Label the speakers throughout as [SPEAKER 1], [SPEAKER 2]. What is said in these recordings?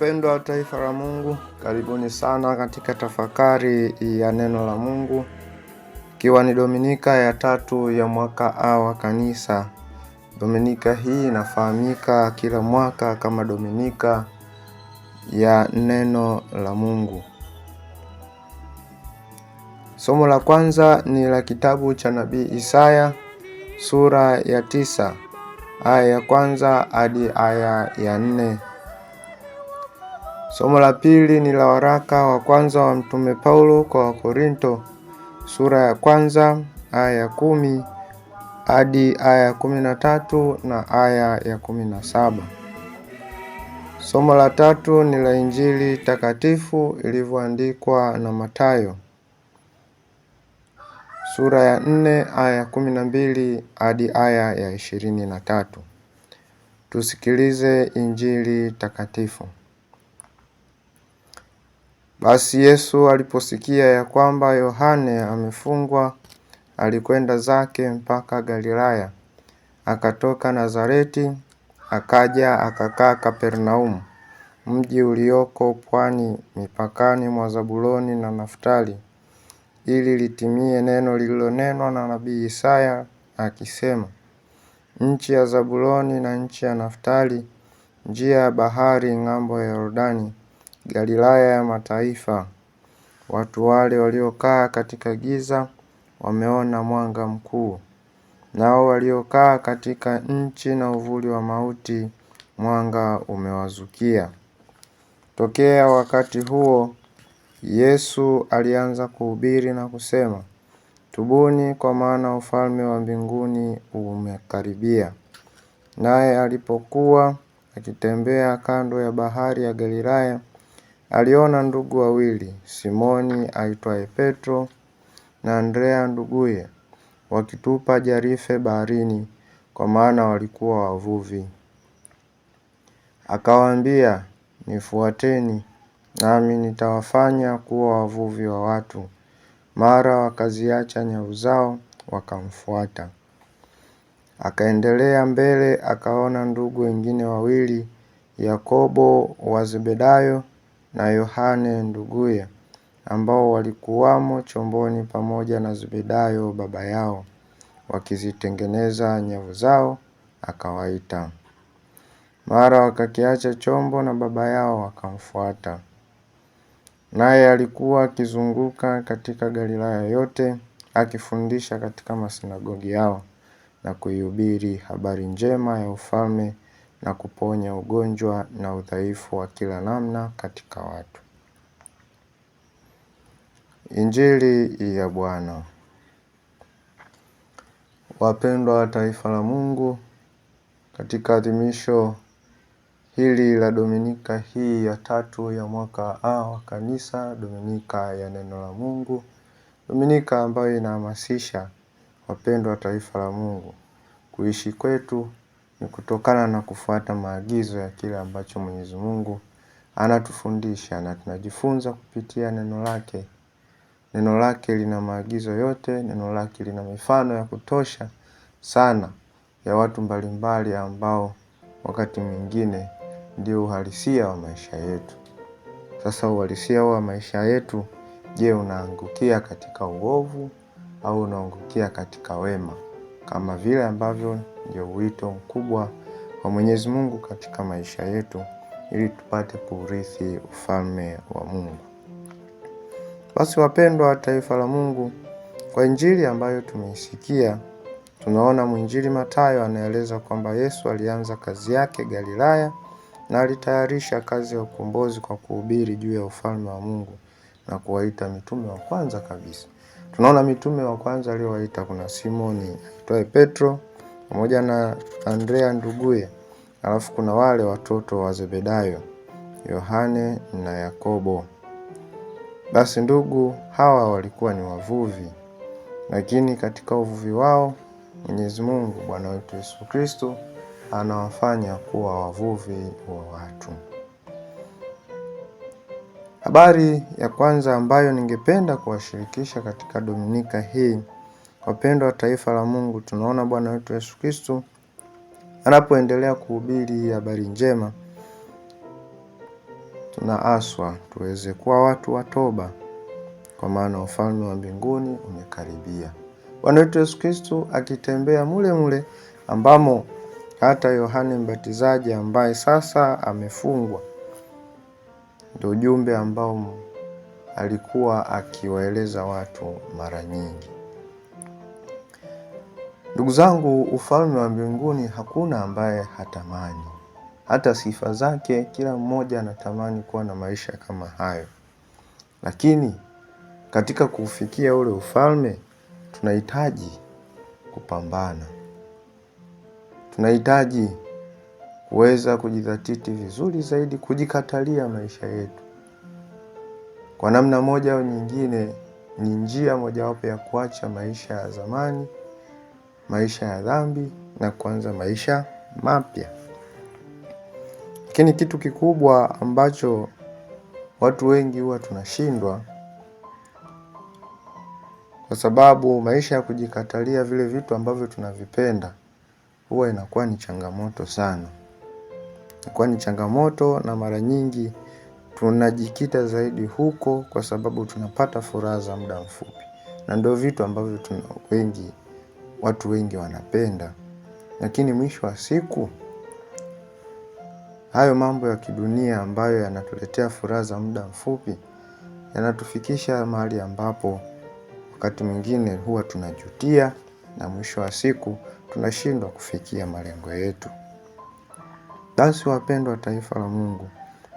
[SPEAKER 1] Wapendwa taifa la Mungu, karibuni sana katika tafakari ya neno la Mungu, ikiwa ni dominika ya tatu ya mwaka A wa Kanisa. Dominika hii inafahamika kila mwaka kama dominika ya neno la Mungu. Somo la kwanza ni la kitabu cha nabii Isaya sura ya tisa aya ya kwanza hadi aya ya nne. Somo la pili ni la waraka wa kwanza wa Mtume Paulo kwa Wakorinto sura ya kwanza aya ya kumi hadi aya ya kumi na tatu na aya ya kumi na saba. Somo la tatu ni la Injili takatifu ilivyoandikwa na matayo sura ya nne aya ya kumi na mbili hadi aya ya ishirini na tatu. Tusikilize Injili takatifu. Basi Yesu aliposikia ya kwamba Yohane amefungwa, alikwenda zake mpaka Galilaya, akatoka Nazareti akaja akakaa Kapernaumu, mji ulioko pwani mipakani mwa Zabuloni na Naftali, ili litimie neno lililonenwa na nabii Isaya akisema, nchi ya Zabuloni na nchi ya Naftali, njia ya bahari ng'ambo ya Yordani, Galilaya ya mataifa, watu wale waliokaa katika giza wameona mwanga mkuu, nao waliokaa katika nchi na uvuli wa mauti mwanga umewazukia. Tokea wakati huo Yesu alianza kuhubiri na kusema, tubuni kwa maana ufalme wa mbinguni umekaribia. Naye alipokuwa akitembea kando ya bahari ya Galilaya, Aliona ndugu wawili, Simoni aitwaye Petro na Andrea nduguye, wakitupa jarife baharini, kwa maana walikuwa wavuvi. Akawaambia, Nifuateni, nami nitawafanya kuwa wavuvi wa watu. Mara wakaziacha nyavu zao, wakamfuata. Akaendelea mbele, akaona ndugu wengine wawili, Yakobo wa Zebedayo na Yohane nduguye, ambao walikuwamo chomboni pamoja na Zebedayo baba yao, wakizitengeneza nyavu zao, akawaita. Mara wakakiacha chombo na baba yao wakamfuata. Naye alikuwa akizunguka katika Galilaya yote, akifundisha katika masinagogi yao na kuihubiri habari njema ya ufalme na kuponya ugonjwa na udhaifu wa kila namna katika watu. Injili ya Bwana. Wapendwa wa taifa la Mungu, katika adhimisho hili la Dominika hii ya tatu ya mwaka A wa Kanisa, Dominika ya Neno la Mungu, Dominika ambayo inahamasisha wapendwa wa taifa la Mungu kuishi kwetu ni kutokana na kufuata maagizo ya kile ambacho Mwenyezi Mungu anatufundisha na tunajifunza kupitia neno lake. Neno lake lina maagizo yote, neno lake lina mifano ya kutosha sana ya watu mbalimbali ambao wakati mwingine ndio uhalisia wa maisha yetu. Sasa uhalisia wa maisha yetu, je, unaangukia katika uovu au unaangukia katika wema? kama vile ambavyo ndio wito mkubwa wa Mwenyezi Mungu katika maisha yetu ili tupate kuurithi ufalme wa Mungu. Basi wapendwa taifa la Mungu, kwa injili ambayo tumeisikia, tunaona mwinjili Mathayo anaeleza kwamba Yesu alianza kazi yake Galilaya na alitayarisha kazi ya ukombozi kwa kuhubiri juu ya ufalme wa Mungu na kuwaita mitume wa kwanza kabisa. Tunaona mitume wa kwanza aliowaita kuna Simoni aitwaye Petro pamoja na Andrea nduguye, alafu kuna wale watoto wa Zebedayo, Yohane na Yakobo. Basi ndugu hawa walikuwa ni wavuvi, lakini katika uvuvi wao Mwenyezi Mungu Bwana wetu Yesu Kristo anawafanya kuwa wavuvi wa watu. Habari ya kwanza ambayo ningependa kuwashirikisha katika Dominika hii, wapendwa wa taifa la Mungu, tunaona Bwana wetu Yesu Kristo anapoendelea kuhubiri habari njema. Tunaaswa tuweze kuwa watu wa toba, kwa maana ufalme wa mbinguni umekaribia. Bwana wetu Yesu Kristo akitembea mule mule ambamo hata Yohane Mbatizaji ambaye sasa amefungwa ndio ujumbe ambao alikuwa akiwaeleza watu mara nyingi. Ndugu zangu, ufalme wa mbinguni hakuna ambaye hatamani, hata sifa zake. Kila mmoja anatamani kuwa na maisha kama hayo, lakini katika kufikia ule ufalme tunahitaji kupambana, tunahitaji kuweza kujidhatiti vizuri zaidi, kujikatalia maisha yetu. Kwa namna moja au nyingine, ni njia mojawapo ya kuacha maisha ya zamani, maisha ya dhambi na kuanza maisha mapya. Lakini kitu kikubwa ambacho watu wengi huwa tunashindwa kwa sababu maisha ya kujikatalia vile vitu ambavyo tunavipenda huwa inakuwa ni changamoto sana kwani ni changamoto na mara nyingi tunajikita zaidi huko kwa sababu tunapata furaha za muda mfupi. Na ndio vitu ambavyo wengi, watu wengi wanapenda. Lakini mwisho wa siku, hayo mambo ya kidunia ambayo yanatuletea furaha za muda mfupi yanatufikisha mahali ambapo wakati mwingine huwa tunajutia na mwisho wa siku tunashindwa kufikia malengo yetu. Basi wapendwa taifa la Mungu,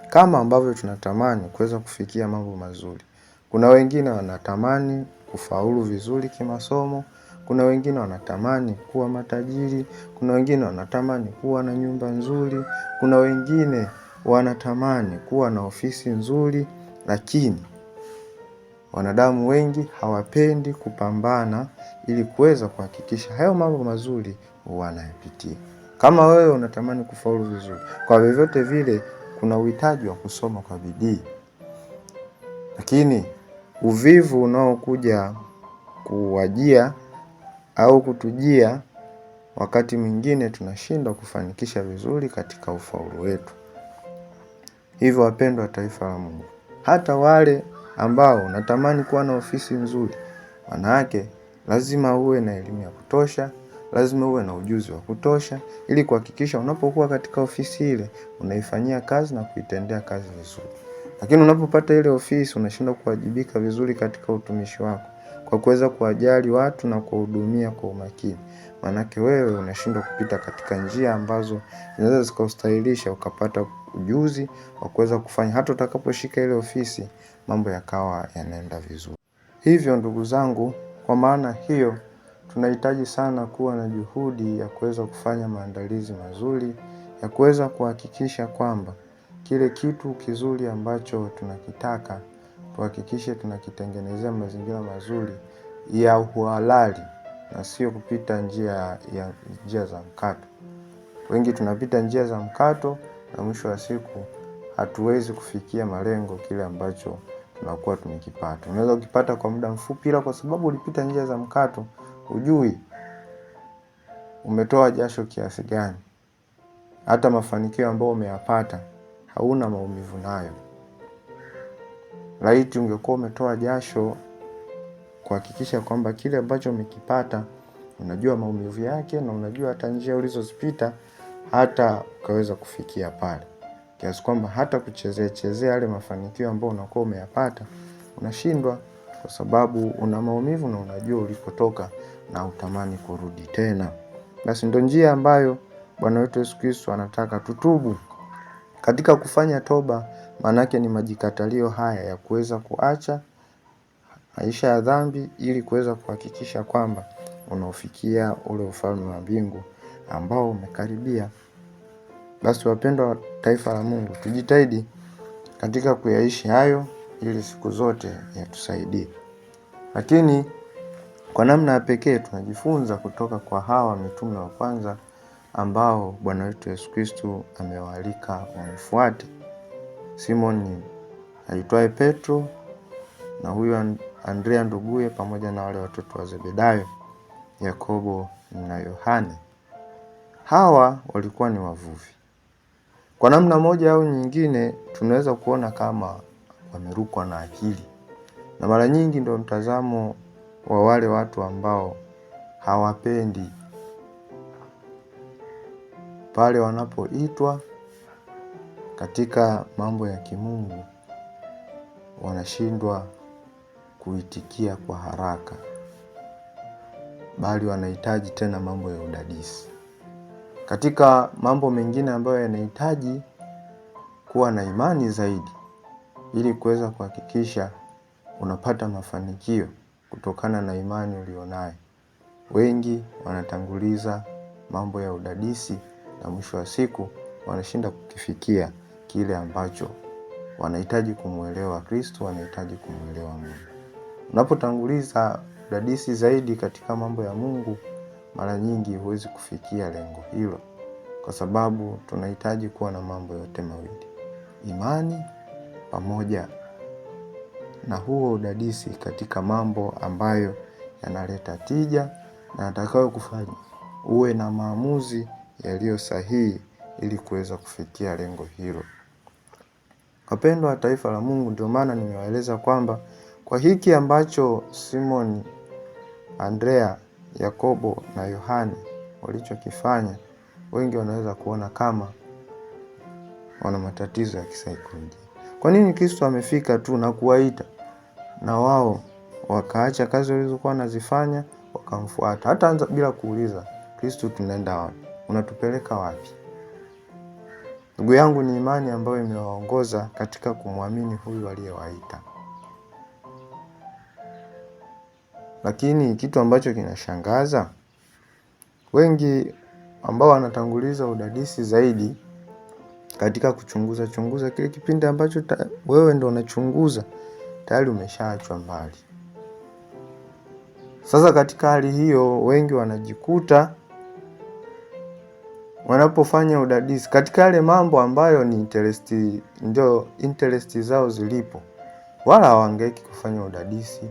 [SPEAKER 1] kama ambavyo tunatamani kuweza kufikia mambo mazuri, kuna wengine wanatamani kufaulu vizuri kimasomo, kuna wengine wanatamani kuwa matajiri, kuna wengine wanatamani kuwa na nyumba nzuri, kuna wengine wanatamani kuwa na ofisi nzuri, lakini wanadamu wengi hawapendi kupambana ili kuweza kuhakikisha hayo mambo mazuri wanayapitia. Kama wewe unatamani kufaulu vizuri, kwa vyovyote vile kuna uhitaji wa kusoma kwa bidii, lakini uvivu unaokuja kuwajia au kutujia wakati mwingine tunashindwa kufanikisha vizuri katika ufaulu wetu. Hivyo wapendwa taifa la Mungu, hata wale ambao natamani kuwa na ofisi nzuri, manake lazima uwe na elimu ya kutosha lazima uwe na ujuzi wa kutosha ili kuhakikisha unapokuwa katika ofisi ile unaifanyia kazi na kuitendea kazi vizuri. Lakini unapopata ile ofisi unashindwa kuwajibika vizuri katika utumishi wako kwa kuweza kuwajali watu na kuwahudumia kwa umakini, maanake wewe unashindwa kupita katika njia ambazo zinaweza zikaustahilisha ukapata ujuzi wa kuweza kufanya hata utakaposhika ile ofisi mambo yakawa yanaenda vizuri. Hivyo ndugu zangu, kwa maana hiyo tunahitaji sana kuwa na juhudi ya kuweza kufanya maandalizi mazuri ya kuweza kuhakikisha kwamba kile kitu kizuri ambacho tunakitaka tuhakikishe tunakitengenezea mazingira mazuri ya uhalali na sio kupita njia ya njia za mkato. Wengi tunapita njia za mkato na mwisho wa siku hatuwezi kufikia malengo kile ambacho tunakuwa tumekipata. Unaweza ukipata kwa muda mfupi, ila kwa sababu ulipita njia za mkato hujui umetoa jasho kiasi gani, hata mafanikio ambayo umeyapata hauna maumivu nayo. Laiti ungekuwa umetoa jasho kuhakikisha kwamba kile ambacho umekipata unajua maumivu yake na unajua hata njia ulizozipita hata ukaweza kufikia pale, kiasi kwamba hata kuchezea chezea yale mafanikio ambayo unakuwa umeyapata unashindwa, kwa sababu una maumivu na unajua ulipotoka na utamani kurudi tena. Basi ndo njia ambayo Bwana wetu Yesu Kristo anataka tutubu. Katika kufanya toba, maanake ni majikatalio haya ya kuweza kuacha maisha ya dhambi ili kuweza kuhakikisha kwamba unaofikia ule ufalme wa mbingu ambao umekaribia. Basi wapendwa wa taifa la Mungu, tujitahidi katika kuyaishi hayo ili siku zote yatusaidie. Lakini kwa namna ya pekee tunajifunza kutoka kwa hawa mitume wa kwanza ambao Bwana wetu Yesu Kristu amewaalika wamfuate. Simoni aitwaye Petro na huyo Andrea nduguye pamoja na wale watoto wa Zebedayo, Yakobo na Yohane. Hawa walikuwa ni wavuvi. Kwa namna moja au nyingine tunaweza kuona kama wamerukwa na akili, na mara nyingi ndio mtazamo wa wale watu ambao hawapendi pale wanapoitwa katika mambo ya kimungu wanashindwa kuitikia kwa haraka, bali wanahitaji tena mambo ya udadisi. Katika mambo mengine ambayo yanahitaji kuwa na imani zaidi ili kuweza kuhakikisha unapata mafanikio kutokana na imani ulionayo. Wengi wanatanguliza mambo ya udadisi na mwisho wa siku wanashinda kukifikia kile ambacho wanahitaji kumwelewa Kristo, wanahitaji kumwelewa Mungu. Unapotanguliza udadisi zaidi katika mambo ya Mungu, mara nyingi huwezi kufikia lengo hilo, kwa sababu tunahitaji kuwa na mambo yote mawili, imani pamoja na huo udadisi katika mambo ambayo yanaleta tija na yatakayo kufanya uwe na maamuzi yaliyo sahihi ili kuweza kufikia lengo hilo. Wapendwa wa taifa la Mungu, ndio maana nimewaeleza kwamba kwa hiki ambacho simon Andrea, Yakobo na Yohani walichokifanya, wengi wanaweza kuona kama wana matatizo ya kisaikolojia. Kwa nini Kristo amefika tu na kuwaita? na wao wakaacha kazi walizokuwa wanazifanya wakamfuata, hata anza bila kuuliza, Kristo, tunaenda wapi? Unatupeleka wapi? Ndugu yangu, ni imani ambayo imewaongoza katika kumwamini huyu aliyewaita. Lakini kitu ambacho kinashangaza, wengi ambao wanatanguliza udadisi zaidi katika kuchunguza chunguza kile kipindi ambacho wewe ndo unachunguza tayari umeshaachwa mbali. Sasa katika hali hiyo, wengi wanajikuta wanapofanya udadisi katika yale mambo ambayo ni interest, ndio interest zao zilipo, wala hawangeki kufanya udadisi,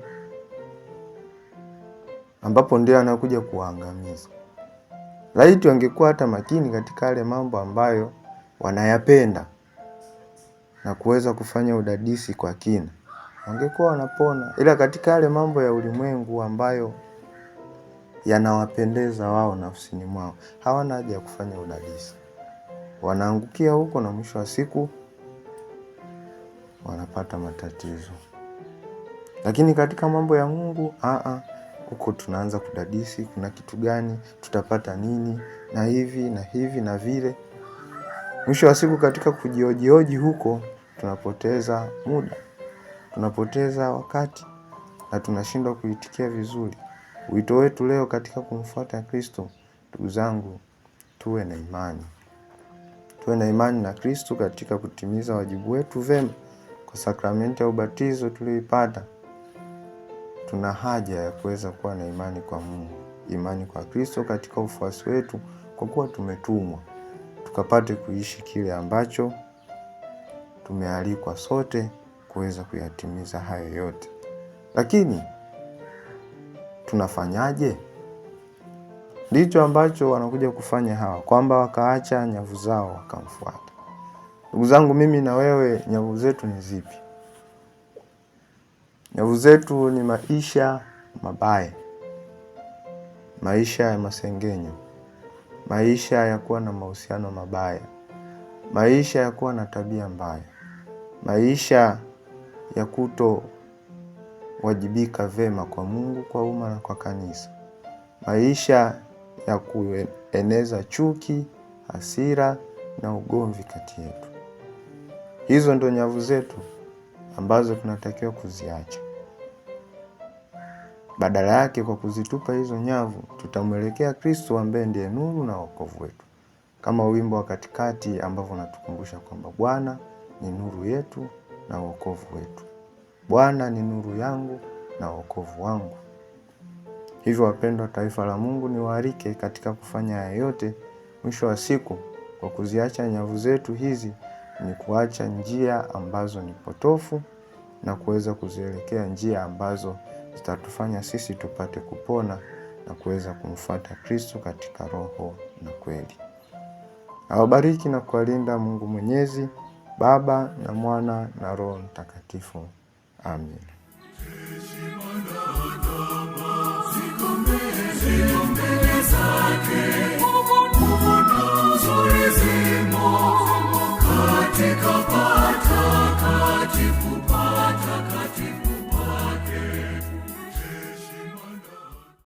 [SPEAKER 1] ambapo ndio anakuja kuwaangamiza. Laiti wangekuwa hata makini katika yale mambo ambayo wanayapenda na kuweza kufanya udadisi kwa kina wangekuwa wanapona, ila katika yale mambo ya ulimwengu ambayo yanawapendeza wao nafsini mwao, hawana haja ya kufanya udadisi, wanaangukia huko na mwisho wa siku wanapata matatizo. Lakini katika mambo ya Mungu aa, huko tunaanza kudadisi, kuna kitu gani tutapata nini na hivi na hivi na vile. Mwisho wa siku katika kujiojioji huko tunapoteza muda tunapoteza wakati na tunashindwa kuitikia vizuri wito wetu leo katika kumfuata Kristo. Ndugu zangu, tuwe na imani, tuwe na imani na Kristo katika kutimiza wajibu wetu vema. Kwa sakramenti ya ubatizo tulioipata, tuna haja ya kuweza kuwa na imani kwa Mungu, imani kwa Kristo katika ufuasi wetu, kwa kuwa tumetumwa tukapate kuishi kile ambacho tumealikwa sote kuweza kuyatimiza hayo yote. Lakini tunafanyaje? Ndicho ambacho wanakuja kufanya hawa, kwamba wakaacha nyavu zao wakamfuata. Ndugu zangu, mimi na wewe, nyavu zetu ni zipi? Nyavu zetu ni maisha mabaya, maisha ya masengenyo, maisha ya kuwa na mahusiano mabaya, maisha ya kuwa na tabia mbaya, maisha ya kutowajibika vema kwa Mungu, kwa umma na kwa kanisa, maisha ya kueneza chuki, hasira na ugomvi kati yetu. Hizo ndo nyavu zetu ambazo tunatakiwa kuziacha. Badala yake, kwa kuzitupa hizo nyavu, tutamwelekea Kristo ambaye ndiye nuru na wokovu wetu, kama wimbo wa katikati ambavyo unatukumbusha kwamba Bwana ni nuru yetu na wokovu wetu. Bwana ni nuru yangu na wokovu wangu. Hivyo wapendwa, taifa la Mungu, niwaalike katika kufanya haya yote mwisho wa siku, kwa kuziacha nyavu zetu hizi, ni kuacha njia ambazo ni potofu na kuweza kuzielekea njia ambazo zitatufanya sisi tupate kupona na kuweza kumfuata Kristo katika roho na kweli. Awabariki na kuwalinda Mungu Mwenyezi. Baba na Mwana na Roho Mtakatifu. Amin.